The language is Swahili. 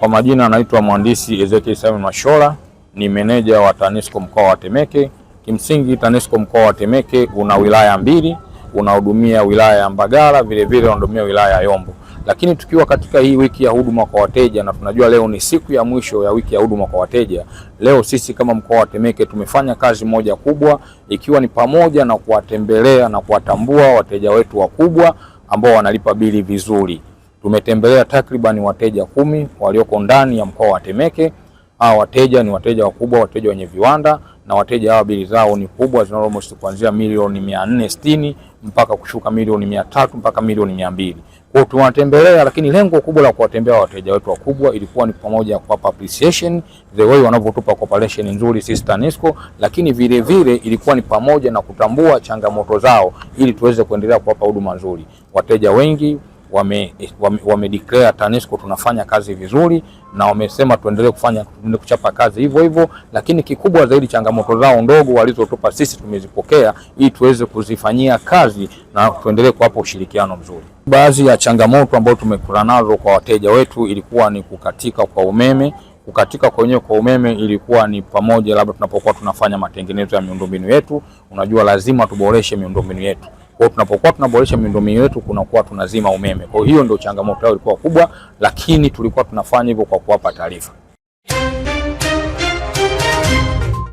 Kwa majina anaitwa mhandisi Ezekiel Simon Mashola, ni meneja wa TANESCO mkoa wa Temeke. Kimsingi TANESCO mkoa wa Temeke una wilaya mbili, unahudumia wilaya ya Mbagala, vilevile unahudumia wilaya ya Yombo. Lakini tukiwa katika hii wiki ya huduma kwa wateja, na tunajua leo ni siku ya mwisho ya wiki ya huduma kwa wateja, leo sisi kama mkoa wa Temeke tumefanya kazi moja kubwa, ikiwa ni pamoja na kuwatembelea na kuwatambua wateja wetu wakubwa ambao wanalipa bili vizuri Tumetembelea takriban wateja kumi walioko ndani ya mkoa wa Temeke. Hawa wateja ni wateja wakubwa, wateja wenye viwanda na wateja hawa bili zao ni kubwa zina almost kuanzia milioni mia nne sitini mpaka kushuka milioni mia tatu mpaka milioni mia mbili Kwa tunawatembelea, lakini lengo kubwa la kuwatembelea wateja wetu wakubwa ilikuwa ni pamoja ya kuwapa appreciation the way wanavyotupa cooperation nzuri sisi TANESCO, lakini vile vile ilikuwa ni pamoja na kutambua changamoto zao ili tuweze kuendelea kuwapa huduma nzuri wateja wengi wame, wame, wame declare TANESCO tunafanya kazi vizuri, na wamesema tuendelee kufanya tuendelee kuchapa kazi hivyo hivyo, lakini kikubwa zaidi changamoto zao ndogo walizotupa sisi tumezipokea ili tuweze kuzifanyia kazi na tuendelee kuwapa ushirikiano mzuri. Baadhi ya changamoto ambazo tumekutana nazo kwa wateja wetu ilikuwa ni kukatika kwa umeme kukatika kwenyewe kwa umeme ilikuwa ni pamoja labda tunapokuwa tunafanya matengenezo ya miundombinu yetu. Unajua, lazima tuboreshe miundombinu yetu. Kwa hiyo tunapokuwa tunaboresha miundombinu yetu kunakuwa tunazima umeme. Kwa hiyo ndio changamoto yao ilikuwa kubwa, lakini tulikuwa tunafanya hivyo kwa kuwapa taarifa.